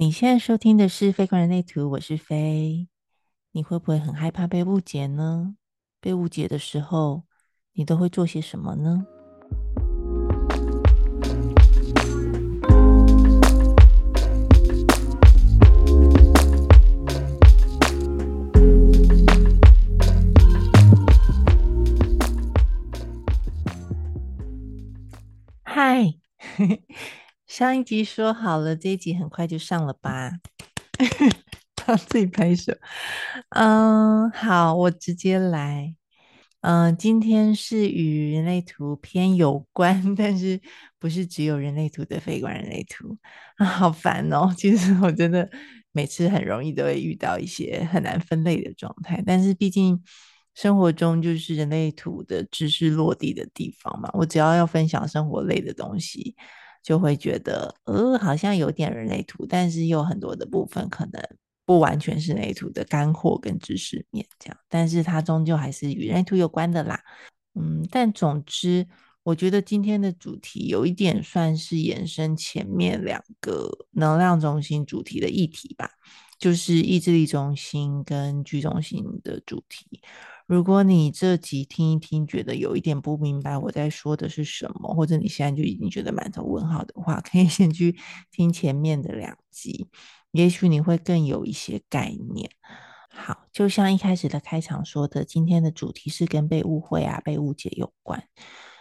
你現在收聽的是《Faye 觀人類圖》，我是 Faye。你會不會很害怕被誤解呢？被誤解的時候，你都會做些什麼呢？嗨。 上一集說好了，這一集很快就上了吧？他 自己拍手。嗯、uh,，好，我直接來。嗯、uh,，今天是與人類圖篇有關，但是不是只有人類圖的非關人類圖啊？Uh, 好煩哦！其實我真的每次很容易都會遇到一些很難分類的狀態，但是畢竟生活中就是人類圖的知識落地的地方嘛。我只要要分享生活類的東西。就會覺得，呃，好像有點人類圖，但是有很多的部分可能不完全是人類圖的乾貨跟知識面這樣，但是它終究還是與人類圖有關的啦，嗯，但總之，我覺得今天的主題有一點算是延伸前面兩個能量中心主題的議題吧。就是意志力中心跟 G 中心的主題。如果你這集聽一聽，覺得有一點不明白我在說的是什麼，或者你現在就已經覺得滿頭問號的話，可以先去聽前面的兩集，也許你會更有一些概念。好，就像一開始的開場說的，今天的主題是跟被誤會啊、被誤解有關。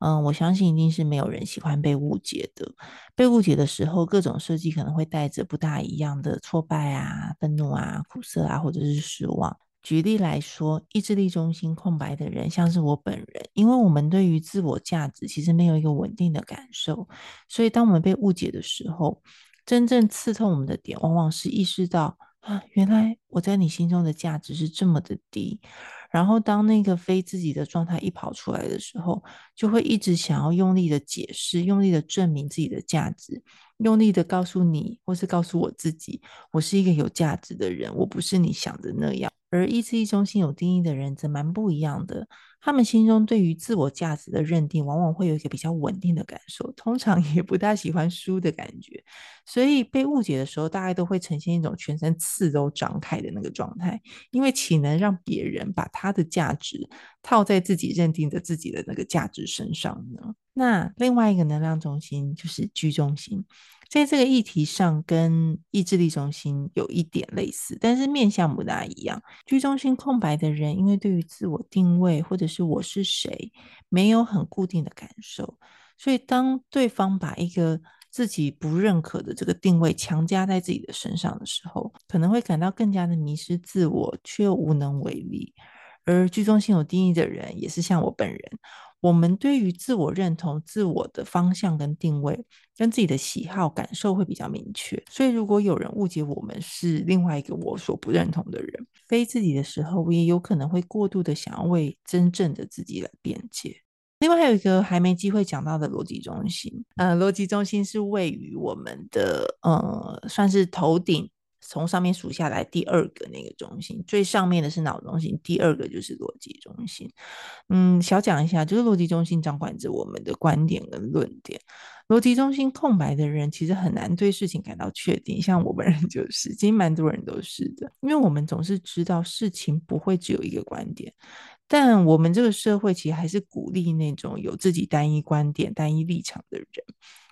嗯，我相信一定是沒有人喜歡被誤解的。被誤解的時候，各種設計可能會帶着不大一樣的挫敗啊、憤怒啊、苦澀啊，或者是失望。舉例來說，意志力中心空白的人，像是我本人，因為我們對於自我價值其實沒有一個穩定的感受，所以當我們被誤解的時候，真正刺痛我們的點，往往是意識到啊，原來我在你心中的價值是這麼的低。然後，當那個非自己的狀態一跑出來的時候，就會一直想要用力的解釋、用力的證明自己的價值、用力的告訴你，或是告訴我自己，我是一個有價值的人，我不是你想的那樣。而意志力中心有定義的人則蠻不一樣的，他們心中對於自我價值的認定往往會有一個比較穩定的感受，通常也不大喜歡輸的感覺，所以被誤解的時候，大概都會呈現一種全身刺都張開的那個狀態，因為豈能讓別人把他的價值套在自己認定的自己的那個價值身上呢？那另外一個能量中心就是 G 中心。在這個議題上，跟意志力中心有一點類似，但是面向不大一樣。G 中心空白的人，因為對於自我定位或者是我是誰，沒有很固定的感受，所以當對方把一個自己不認可的這個定位強加在自己的身上的時候，可能會感到更加的迷失自我，卻無能為力。而 G 中心有定義的人，也是像我本人。我們對於自我認同、自我的方向跟定位、跟自己的喜好感受會比較明確，所以如果有人誤解我們是另外一個我所不認同的人、非自己的時候，我也有可能會過度的想要為真正的自己來辯解。另外還有一個還沒機會講到的邏輯中心，呃，邏輯中心是位於我們的，呃，算是頭頂。從上面數下來，第二個那個中心，最上面的是腦中心，第二個就是邏輯中心。嗯，小講一下，就是邏輯中心掌管着我們的觀點跟論點。邏輯中心空白的人，其實很難對事情感到確定。像我本人就是，其實蠻多人都是的，因為我們總是知道事情不會只有一個觀點，但我們這個社會其實還是鼓勵那種有自己單一觀點、單一立場的人。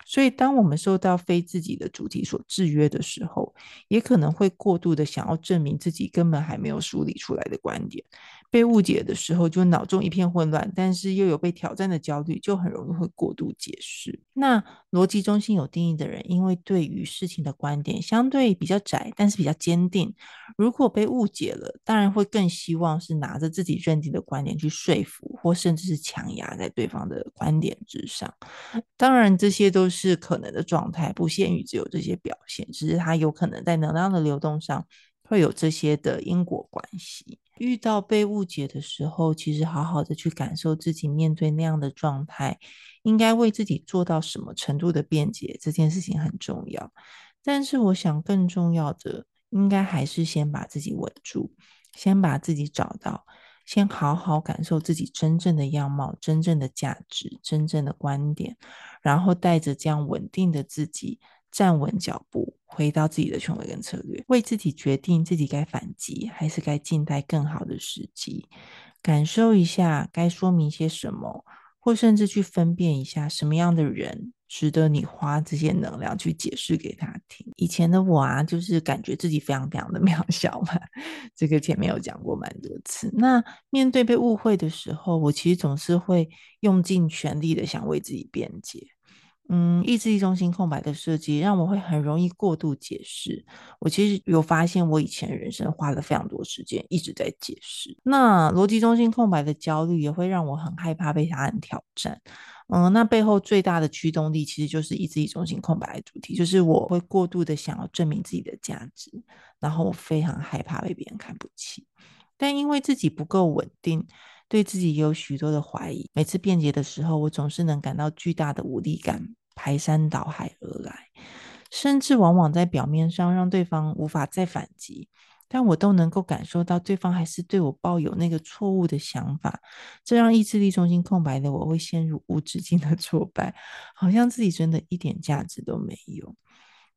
所以，當我們受到非自己的主題所制約的時候，也可能會過度的想要證明自己，根本還沒有梳理出來的觀點。被誤解的時候，就腦中一片混亂，但是又有被挑戰的焦慮，就很容易會過度解釋。那邏輯中心有定義的人，因為對於事情的觀點相對比較窄，但是比較堅定。如果被誤解了，當然會更希望是拿着自己認定的觀點去說服，或甚至是強壓在對方的觀點之上。當然，這些都是可能的狀態，不限於只有這些表現，只是他有可能在能量的流動上會有這些的因果關係。遇到被誤解的時候，其實好好的去感受自己面對那樣的狀態，應該為自己做到什麼程度的辯解，這件事情很重要。但是我想更重要的，應該還是先把自己穩住，先把自己找到，先好好感受自己真正的樣貌、真正的價值、真正的觀點，然後帶着這樣穩定的自己。站穩腳步，回到自己的權威跟策略，為自己決定自己該反擊還是該靜待更好的時機，感受一下該說明一些什麼，或甚至去分辨一下什麼樣的人值得你花這些能量去解釋給他聽。以前的我啊，就是感覺自己非常非常的渺小嘛，這個前面有講過蠻多次。那面對被誤會的時候，我其實總是會用盡全力的想為自己辯解。嗯，意志力中心空白的設計讓我會很容易過度解釋。我其實有發現，我以前人生花了非常多時間一直在解釋。那邏輯中心空白的焦慮也會讓我很害怕被他人挑戰。嗯，那背後最大的驅動力其實就是意志力中心空白的主題，就是我會過度的想要證明自己的價值，然後我非常害怕被別人看不起。但因為自己不夠穩定，對自己有許多的懷疑，每次辯解的時候，我總是能感到巨大的無力感。排山倒海而來，甚至往往在表面上讓對方無法再反擊，但我都能夠感受到對方還是對我抱有那個錯誤的想法。這讓意志力中心空白的我會陷入無止境的挫敗好像自己真的一點價值都沒有。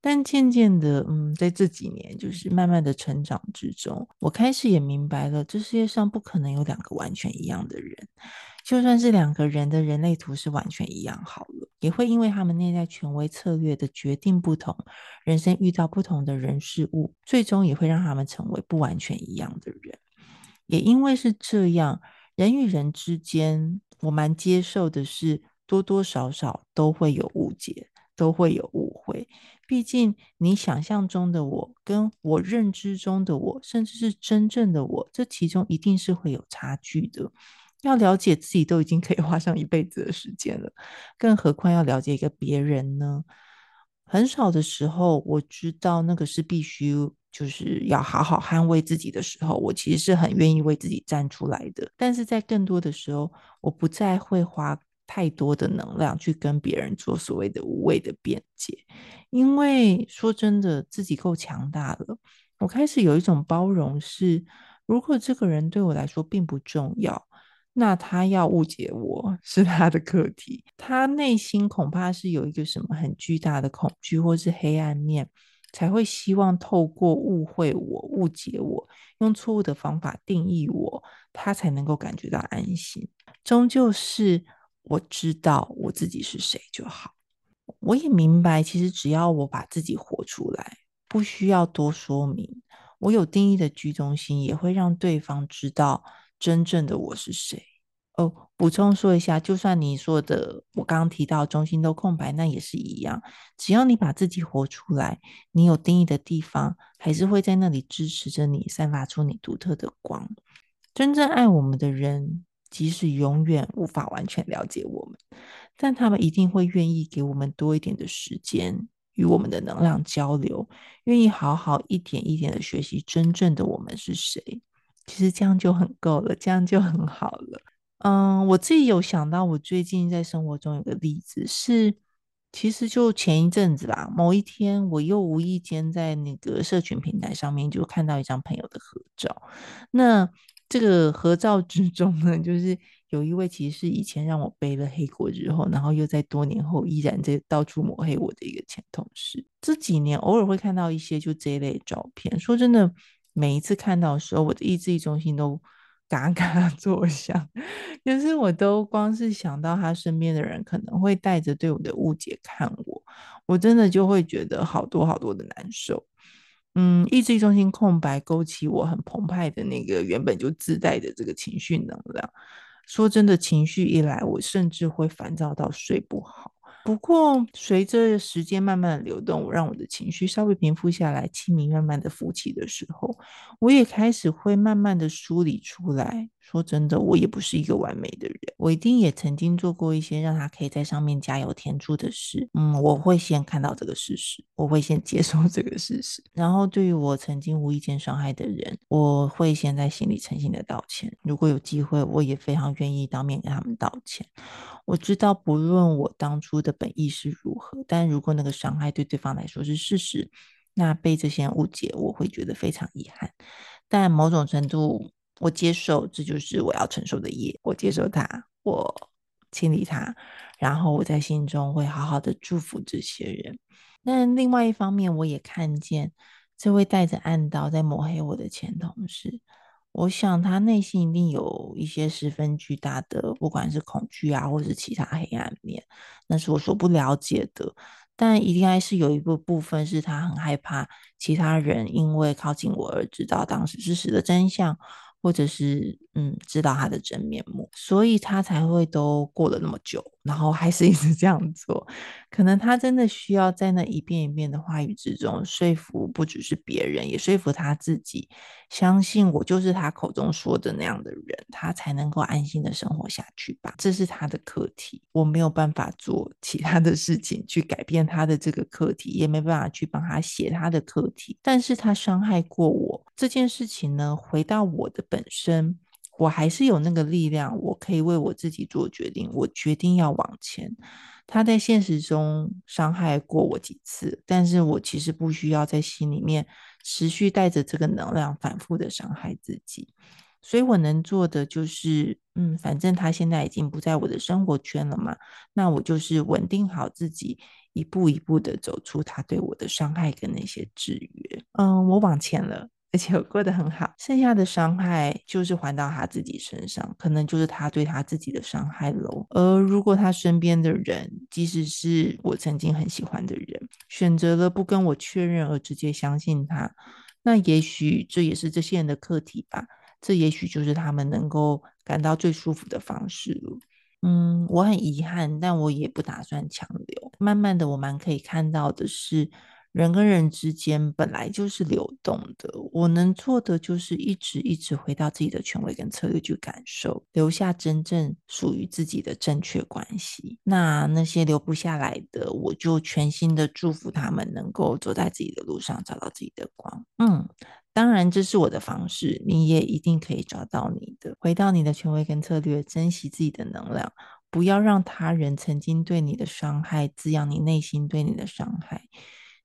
但漸漸的，嗯，在這幾年就是慢慢的成長之中，我開始也明白了，這世界上不可能有兩個完全一樣的人，就算是兩個人的人類圖是完全一樣，好了，也會因為他們內在權威策略的決定不同，人生遇到不同的人事物，最終也會讓他們成為不完全一樣的人。也因為是這樣，人與人之間，我蠻接受的是，多多少少都會有誤解，都會有誤會。畢竟你想象中的我，跟我認知中的我，甚至是真正的我，這其中一定是會有差距的。要了解自己都已經可以花上一輩子的時間了，更何況要了解一個別人呢？很少的時候，我知道那個是必須，就是要好好捍衛自己的時候，我其實是很願意為自己站出來的。但是在更多的時候，我不再會花太多的能量去跟別人做所謂的無謂的辯解，因為說真的，自己夠強大了。我開始有一種包容，是如果這個人對我來說並不重要。那他要誤解我是他的課題，他內心恐怕是有一個什麼很巨大的恐懼，或是黑暗面，才會希望透過誤會我、誤解我，用錯誤的方法定義我，他才能夠感覺到安心。終究是我知道我自己是誰就好。我也明白，其實只要我把自己活出來，不需要多說明，我有定義的 G 中心，也會讓對方知道，真正的我是誰？哦，補充說一下，就算你說的我剛剛提到的中心都空白，那也是一樣。只要你把自己活出來，你有定義的地方，還是會在那裡支持着你，散發出你獨特的光。真正愛我們的人，即使永遠無法完全了解我們，但他們一定會願意給我們多一點的時間，與我們的能量交流，願意好好一點一點的學習，真正的我們是誰。其實這樣就很夠了，這樣就很好了。嗯，我自己有想到，我最近在生活中有個例子是，其實就前一陣子吧，某一天我又無意間在那個社群平台上面就看到一張朋友的合照。那這個合照之中呢，就是有一位其實是以前讓我背了黑鍋之後，然後又在多年後依然在到處抹黑我的一個前同事。這幾年偶爾會看到一些就這類照片，說真的。每一次看到的時候，我的意志力中心都嘎嘎作響，就是我都光是想到他身邊的人可能會帶着對我的誤解看我，我真的就會覺得好多好多的難受。嗯，意志力中心空白，勾起我很澎湃的那個原本就自帶的這個情緒能量。說真的，情緒一來，我甚至會煩躁到睡不好。不過，隨着時間慢慢的流動，我讓我的情緒稍微平復下來，清明慢慢的浮起的時候，我也開始會慢慢的梳理出來。說真的，我也不是一個完美的人，我一定也曾經做過一些讓他可以在上面加油添醋的事。嗯，我會先看到這個事實，我會先接受這個事實。然後，對於我曾經無意間傷害的人，我會先在心裡誠心的道歉。如果有機會，我也非常願意當面跟他們道歉。我知道，不論我當初的本意是如何，但如果那個傷害對對方來說是事實，那被這些人誤解，我會覺得非常遺憾。但某種程度。我接受，這就是我要承受的業。我接受它，我清理它，然後我在心中會好好的祝福這些人。但另外一方面，我也看見這位帶着暗道在抹黑我的前同事。我想他內心一定有一些十分巨大的，不管是恐懼啊，或者是其他黑暗面，那是我所不了解的。但一定還是有一部分是他很害怕其他人因為靠近我而知道當時事實的真相。或者是，嗯，知道他的真面目，所以他才會都過了那麼久，然後還是一直這樣做，可能他真的需要在那一遍一遍的話語之中，說服不只是別人，也說服他自己，相信我就是他口中說的那樣的人，他才能夠安心的生活下去吧。這是他的課題，我沒有辦法做其他的事情去改變他的這個課題，也沒辦法去幫他寫他的課題。但是他傷害過我。這件事情呢，回到我的本身。我還是有那個力量，我可以為我自己做決定。我決定要往前。他在現實中傷害過我幾次，但是我其實不需要在心裡面持續帶着這個能量，反複的傷害自己。所以我能做的就是，嗯，反正他現在已經不在我的生活圈了嘛，那我就是穩定好自己，一步一步的走出他對我的傷害跟那些制約。嗯，我往前了。而且我過得很好，剩下的傷害就是還到他自己身上，可能就是他對他自己的傷害嘍。而如果他身邊的人，即使是我曾經很喜歡的人，選擇了不跟我確認而直接相信他，那也許這也是這些人的課題吧。這也許就是他們能夠感到最舒服的方式。嗯，我很遺憾，但我也不打算強留。慢慢的，我們可以看到的是。人跟人之間本來就是流動的，我能做的就是一直一直回到自己的權威跟策略去感受，留下真正屬於自己的正確關係。那那些留不下來的，我就全心的祝福他們能夠走在自己的路上，找到自己的光。嗯，當然這是我的方式，你也一定可以找到你的。回到你的權威跟策略，珍惜自己的能量，不要讓他人曾經對你的傷害滋養你內心對你的傷害。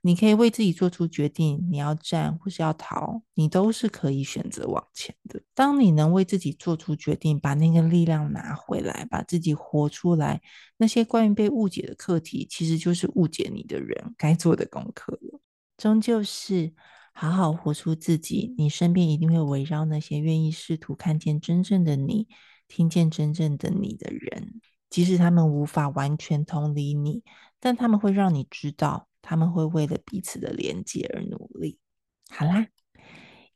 你可以為自己做出決定，你要戰或是要逃，你都是可以選擇往前的。當你能為自己做出決定，把那個力量拿回來，把自己活出來，那些關於被誤解的課題，其實就是誤解你的人該做的功課了。終究是好好活出自己，你身邊一定會圍繞那些願意試圖看見真正的你、聽見真正的你的人，即使他們無法完全同理你，但他們會讓你知道。他們會為了彼此的連接而努力。好啦。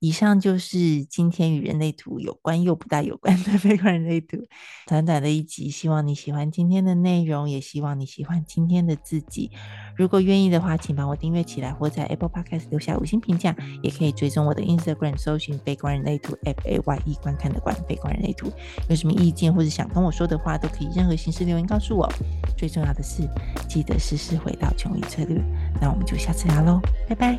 以上就是今天與人類圖有關又不大有關的 Faye 觀人類圖，短短的一集，希望你喜歡今天的內容，也希望你喜歡今天的自己。如果願意的話，請幫我訂閱起來，或在 Apple Podcast 留下五星評價，也可以追蹤我的 Instagram，搜尋 Faye 觀人類圖 F A Y E，觀看的觀 Faye 觀人類圖。有什麼意見或者想跟我說的話，都可以任何形式留言告訴我。最重要的是，記得時時回到權威策略。那我們就下次聊嘍，拜拜。